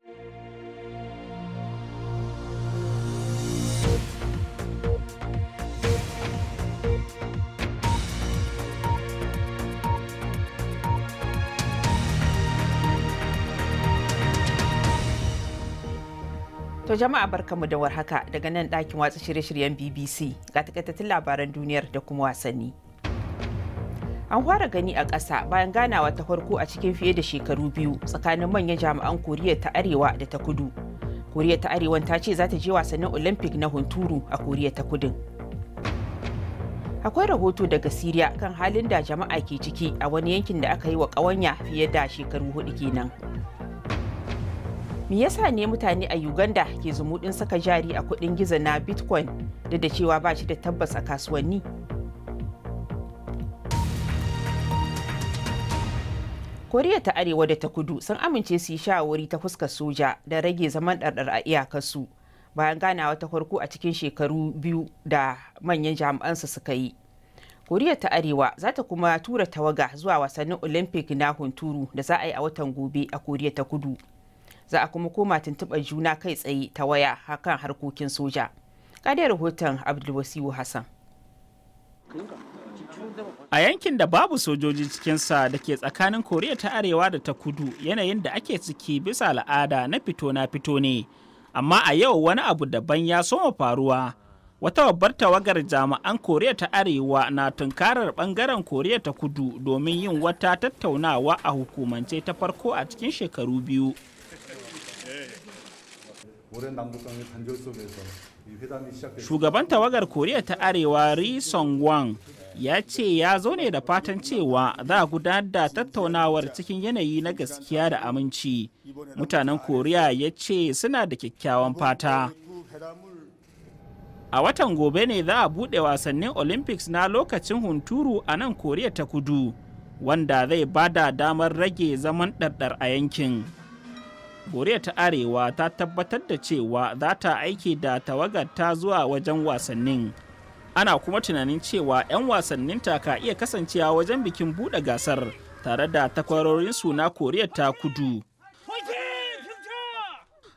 To jama'a barkamu da warhaka daga nan ɗakin watsa shirye-shiryen BBC ga takaitattun labaran duniyar da kuma wasanni. an fara gani a ƙasa bayan ganawa ta farko a cikin fiye da shekaru biyu tsakanin manyan jami'an koriya ta arewa da ta kudu koriya ta Arewa ta ce za ta je wasannin olympic na hunturu a koriya ta kudin akwai rahoto daga siriya kan halin da jama'a ke ciki a wani yankin da aka yi wa ƙawanya fiye da shekaru hudu kenan me yasa ne mutane a uganda ke zumuɗin saka jari a kuɗin gizo na bitcoin duk da cewa ba shi da tabbas a kasuwanni koriya ta arewa da ta kudu sun amince su yi shawari ta fuska soja da rage zaman ɗarɗar a iyakarsu bayan ganawa ta farko a cikin shekaru biyu da manyan jami'ansu suka yi koriya ta arewa za ta kuma tura tawaga zuwa wasannin olympic na hunturu da za a yi a watan gobe a koriya ta kudu za a kuma koma tuntuɓa juna kai tsaye ta waya hakan harkokin soja ƙadai rahoton abdulwasiu hassan A yankin da babu sojoji cikinsa da ke tsakanin Koriya ta Arewa da ta kudu yanayin da ake ciki bisa al'ada na fito na fito ne, amma a yau wani abu daban ya soma faruwa. Wata babbar tawagar jami'an Koriya ta Arewa na tunkarar bangaren Koriya ta kudu domin yin wata tattaunawa a hukumance ta farko a cikin shekaru biyu. Shugaban tawagar Koriya ta Arewa Ri Song Wang ya ce ya zo ne da fatan cewa za a gudanar da tattaunawar cikin yanayi na gaskiya da aminci mutanen koriya ya ce suna da kyakkyawan fata a watan gobe ne za a buɗe wasannin olympics na lokacin hunturu a nan koriya ta kudu wanda zai bada damar rage zaman ɗarɗar a yankin koriya ta arewa ta tabbatar da cewa za ta aiki da tawagar zuwa wajen wasannin ana kuma tunanin cewa 'yan wasannin ta ka iya kasancewa wajen bikin buɗe gasar tare da takwarorin suna koriya ta kudu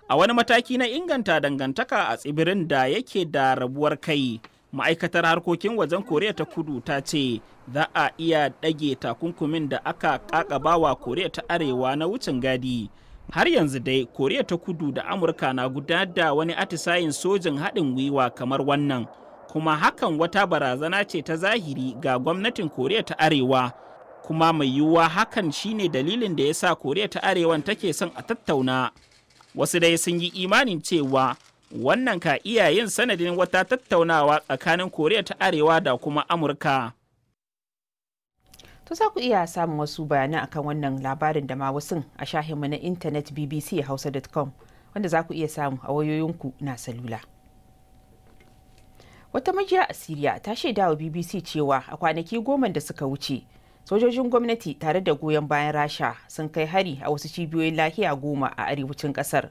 a wani mataki na inganta dangantaka a tsibirin da yake da rabuwar kai ma'aikatar harkokin wajen koriya ta kudu ta ce za a iya ɗage takunkumin da aka ƙaƙabawa koriya ta arewa na wucin gadi har yanzu dai koriya ta kudu da amurka na gudanar da wani atisayin sojin haɗin gwiwa kamar wannan kuma hakan wata barazana ce ta zahiri ga gwamnatin koriya ta arewa kuma mai yiwuwa hakan shine dalilin da ya sa koriya ta arewan take son a tattauna wasu dai sun yi imanin cewa wannan ka iya yin sanadin wata tattaunawa tsakanin koriya ta arewa da kuma amurka to za ku iya samun wasu bayanan akan wannan labarin da ma wasu a shahinmu na intanet bbc hausa.com wanda za ku iya samu a wayoyinku na salula. wata majiya a siriya ta shaida wa bbc cewa a kwanaki goma da suka wuce sojojin gwamnati tare da goyon bayan rasha sun kai hari a wasu cibiyoyin lahiya goma a arewacin kasar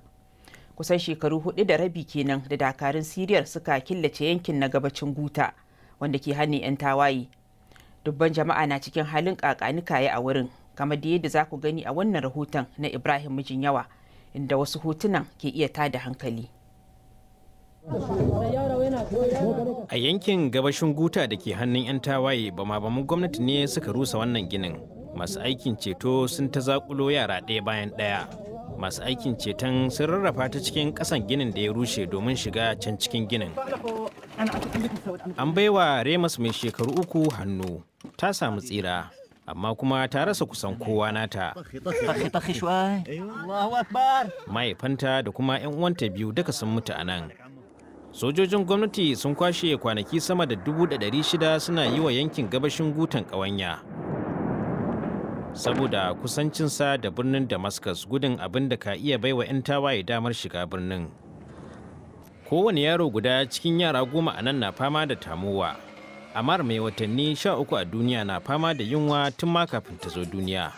kusan shekaru hudu da rabi kenan da dakarun siriyar suka killace yankin na gabacin guta wanda ke hannun 'yan tawaye dubban jama'a na cikin halin kakanikaye a wurin kamar da yadda za ku gani a wannan rahoton na ibrahim mijin yawa inda wasu hotunan ke iya tada hankali A yankin gabashin Guta da ke hannun 'yan tawaye ba mabamin gwamnati ne suka rusa wannan ginin. Masu aikin ceto sun ta zaƙulo yara ɗaya bayan ɗaya. Masu aikin ceton sun rarrafa ta cikin ƙasan ginin da ya rushe domin shiga can cikin ginin. An baiwa Remus mai shekaru uku hannu, ta samu tsira. amma kuma ta rasa kusan kowa nata. Mahaifanta da kuma 'yan uwanta biyu duka sun mutu a nan. sojojin gwamnati sun kwashe kwanaki sama da 600 suna yi wa yankin gabashin gutan ƙawanya saboda kusancinsa da birnin damascus gudun abin da ka iya baiwa 'yan tawaye damar shiga birnin kowane yaro guda cikin yara goma a nan na fama da tamowa amma mai watanni sha uku a duniya na fama da yunwa tun ma kafin ta zo duniya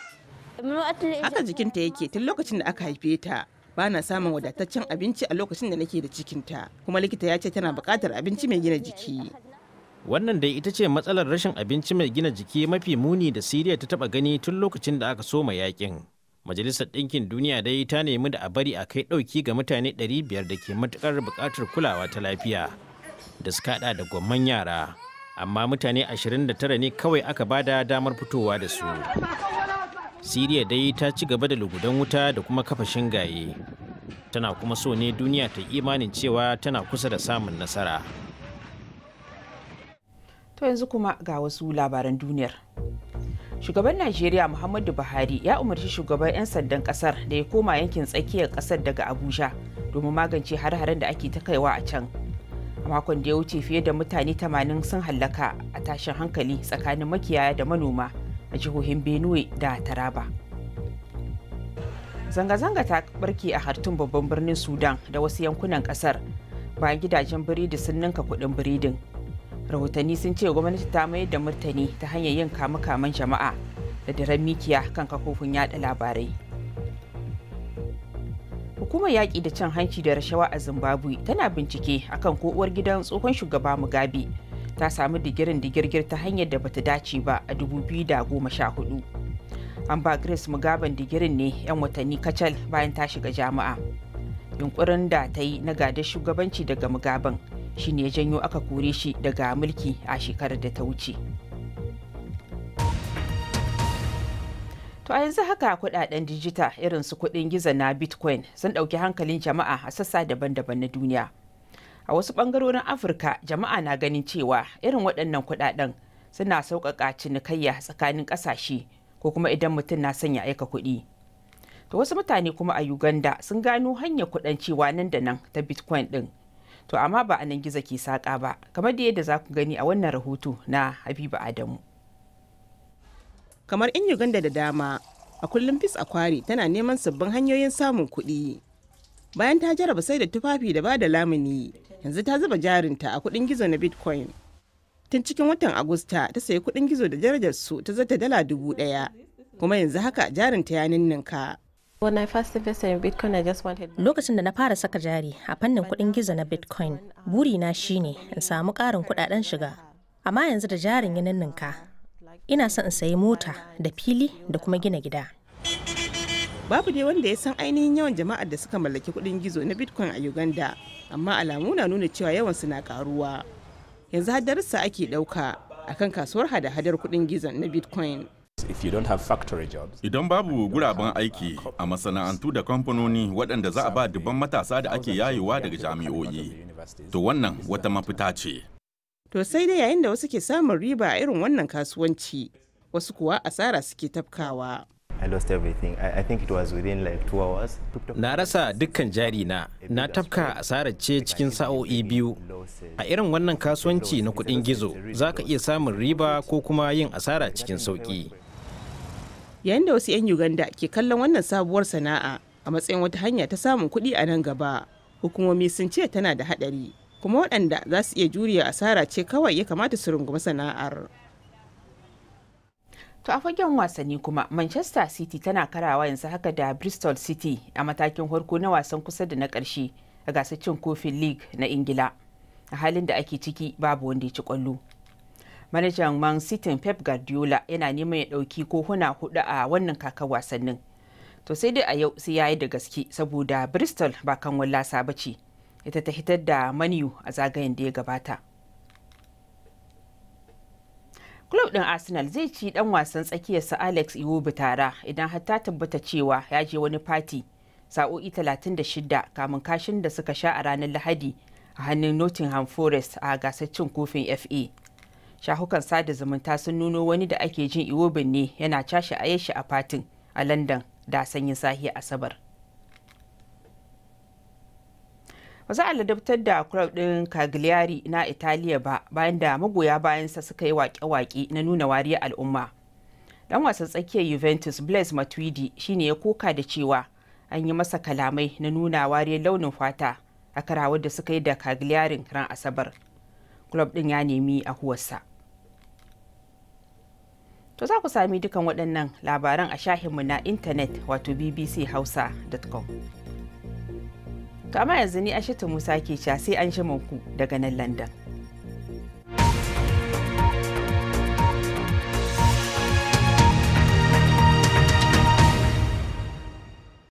haka jikinta yake tun lokacin da aka haife ta ba na samun wadataccen abinci a lokacin da nake da cikinta kuma likita ya ce tana buƙatar abinci mai gina jiki wannan dai ita ce matsalar rashin abinci mai gina jiki mafi muni da siriya ta taba gani tun lokacin da aka soma yakin majalisar ɗinkin duniya dai ta nemi da a bari a kai ɗauki ga mutane 500 da ke matuƙar buƙatar kulawa ta lafiya da suka haɗa da gwamman yara amma mutane 29 ne kawai aka bada damar fitowa da su siriya dai ta ci gaba da lugudan wuta da kuma kafa shingaye tana kuma so ne duniya ta imanin cewa tana kusa da samun nasara to yanzu kuma ga wasu labaran duniyar shugaban najeriya muhammadu buhari ya umarci shugaban 'yan sandan kasar da ya koma yankin tsakiyar kasar daga abuja domin magance har-haren da ake ta kaiwa a can a makon da ya wuce fiye da mutane 80 sun hallaka a tashin hankali tsakanin makiyaya da manoma a jihohin benue da taraba zanga-zanga ta barke a hartun babban birnin sudan da wasu yankunan kasar bayan gidajen biredi sun ninka kudin biredin rahotanni sun ce gwamnati ta mayar da murtani ta hanyar yin kama-kaman jama'a da daren mikiya kan kafofin yada labarai hukumar yaƙi da cin hanci da rashawa a zimbabwe tana bincike akan ko uwar gidan tsohon shugaba mugabe ta samu digirin digirgir ta hanyar da bata dace ba a 2014 an ba grace mugaban digirin ne 'yan watanni kacal bayan ta shiga jama'a yunkurin da ta yi na gada shugabanci daga mugaban shine ya janyo aka kore shi daga mulki a shekarar da ta wuce To a yanzu haka kudaden dijita irin su kudin giza na Bitcoin sun dauki hankalin jama'a a sassa daban-daban na duniya. a wasu bangarorin afirka jama'a na ganin cewa irin waɗannan kuɗaɗen suna sauƙaƙa cinikayya tsakanin ƙasashe ko kuma idan mutum na sanya aika kuɗi to wasu mutane kuma a uganda sun gano hanyar kuɗin cewa nan da nan ta bitcoin ɗin to amma ba a nan gizo ke saƙa ba kamar da yadda za ku gani a wannan rahoto na habiba adamu kamar in uganda da dama a kullum fis akwari tana neman sabbin hanyoyin samun kuɗi bayan ta jaraba sai da tufafi da ba da lamuni yanzu ta zuba jarinta a kudin gizo na bitcoin tun cikin watan agusta ta sayi kudin gizo da darajar su ta zata dala dubu daya kuma yanzu haka jarinta ya ninninka lokacin da na fara saka jari a fannin kudin gizo na bitcoin burina shine in samu karin kudaden shiga amma yanzu da jarin ya ninninka ina son in sayi mota da fili da kuma gina gida babu dai wanda ya san ainihin yawan jama'ar da suka mallaki kudin gizo na bitcoin a uganda amma alamu na nuna cewa yawan su na karuwa yanzu hadarsa ake dauka akan kasuwar hada-hadar kudin gizo na bitcoin Idan babu guraben aiki a masana'antu da kamfanoni waɗanda za a ba dubban matasa da ake yayewa daga jami'o'i, to wannan wata mafita ce. To sai dai yayin da wasu ke samun riba a irin wannan kasuwanci, wasu kuwa asara suke tafkawa. I lost everything. I, I Na rasa dukkan jari na, na tafka asarar ce cikin sa'o'i biyu. A irin wannan kasuwanci na kuɗin gizo, za ka iya samun riba ko kuma yin asara cikin sauƙi. Yayin da wasu 'yan Uganda ke kallon wannan sabuwar sana'a a matsayin wata hanya ta samun kuɗi a nan gaba, hukumomi sun ce tana da haɗari, kuma waɗanda za su iya juriya asara ce kawai ya kamata su rungumi sana'ar. To a fagen wasanni kuma Manchester City tana karawa yanzu haka da Bristol City a matakin harko na wasan kusa da na ƙarshe a gasar cin kofin League na Ingila. A halin da ake ciki babu wanda ya ci kwallo. Manajan Man City Pep Guardiola yana neman ya ɗauki kohuna hudu a wannan kakar wasannin. To sai dai a yau sai ya yi da gaske saboda Bristol ba kan wallasa ba ce. Ita ta hitar da Manu a zagayen da ya gabata. club din arsenal zai ci ɗan wasan tsakiyarsa alex iwobi tara idan har ta tabbata cewa ya je wani fati sa'o'i 36 kamun kashin da suka sha a ranar lahadi a hannun nottingham forest a gasar cin kofin fa shahukan sada zumunta sun nuno wani da ake jin iwobin ne yana cashe a a fatin a london da sanyin sahiya asabar ba za a ladabtar da club din Cagliari na Italiya ba bayan da magoya bayansa suka yi wake-wake na nuna wariyar al'umma. Dan wasan tsakiyar Juventus Blaise Matuidi shine ya koka da cewa an yi masa kalamai na nuna wariyar launin fata a karawar da suka yi da Cagliari ran Asabar. Club din ya nemi a ahuwarsa. To za ku sami dukan waɗannan labaran a shahinmu na intanet wato bbc bbchausa.com. To amma yanzu ni Ashatu Musa ke sha sai an shi ku daga nan London.